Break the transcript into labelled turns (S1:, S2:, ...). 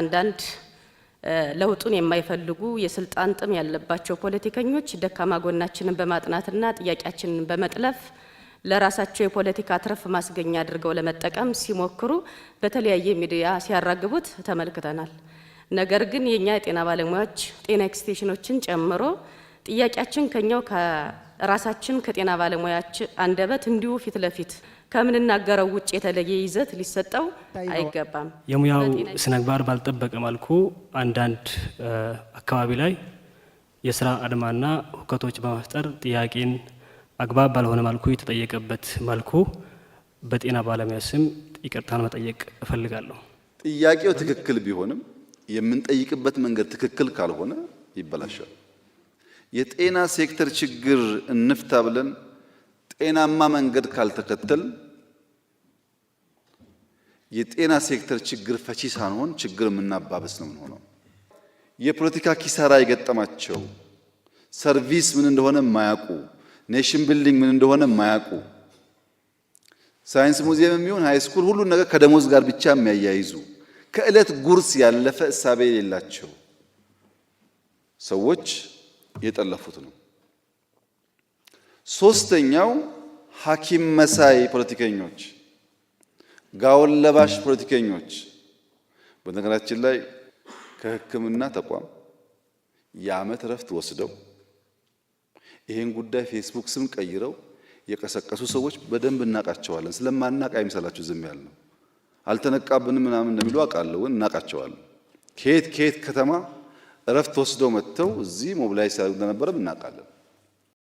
S1: አንዳንድ ለውጡን የማይፈልጉ የስልጣን ጥም ያለባቸው ፖለቲከኞች ደካማ ጎናችንን በማጥናትና ጥያቄያችንን በመጥለፍ ለራሳቸው የፖለቲካ ትርፍ ማስገኛ አድርገው ለመጠቀም ሲሞክሩ በተለያየ ሚዲያ ሲያራግቡት ተመልክተናል። ነገር ግን የእኛ የጤና ባለሙያዎች ጤና ኤክስቴሽኖችን ጨምሮ ጥያቄያችን ከኛው ራሳችን ከጤና ባለሙያች አንደበት እንዲሁ ፊት ለፊት ከምንናገረው ውጭ የተለየ ይዘት ሊሰጠው አይገባም።
S2: የሙያው ስነግባር ባልጠበቀ መልኩ አንዳንድ አካባቢ ላይ የስራ አድማና ሁከቶች በመፍጠር ጥያቄን አግባብ ባልሆነ መልኩ የተጠየቀበት መልኩ በጤና ባለሙያ ስም ይቅርታን መጠየቅ እፈልጋለሁ።
S3: ጥያቄው ትክክል ቢሆንም የምንጠይቅበት መንገድ ትክክል ካልሆነ ይበላሻል። የጤና ሴክተር ችግር እንፍታ ብለን ጤናማ መንገድ ካልተከተል የጤና ሴክተር ችግር ፈቺ ሳንሆን ችግር የምናባበስ ነው የምንሆነው። የፖለቲካ ኪሳራ የገጠማቸው ሰርቪስ ምን እንደሆነ የማያውቁ ኔሽን ቢልዲንግ ምን እንደሆነ የማያውቁ ሳይንስ ሙዚየም የሚሆን ሃይስኩል ሁሉን ነገር ከደሞዝ ጋር ብቻ የሚያያይዙ ከዕለት ጉርስ ያለፈ እሳቤ የሌላቸው ሰዎች የጠለፉት ነው። ሶስተኛው ሐኪም መሳይ ፖለቲከኞች፣ ጋውን ለባሽ ፖለቲከኞች። በነገራችን ላይ ከሕክምና ተቋም የዓመት እረፍት ወስደው ይህን ጉዳይ ፌስቡክ ስም ቀይረው የቀሰቀሱ ሰዎች በደንብ እናቃቸዋለን። ስለማናቅ አይምሰላችሁ ዝም ያል ነው። አልተነቃብንም ምናምን እንደሚሉ አውቃለሁ፣ እናቃቸዋለን። ከየት ከየት ከተማ እረፍት ወስደው መጥተው እዚህ ሞብላይዝ ሲያደርጉ እንደነበረም እናውቃለን።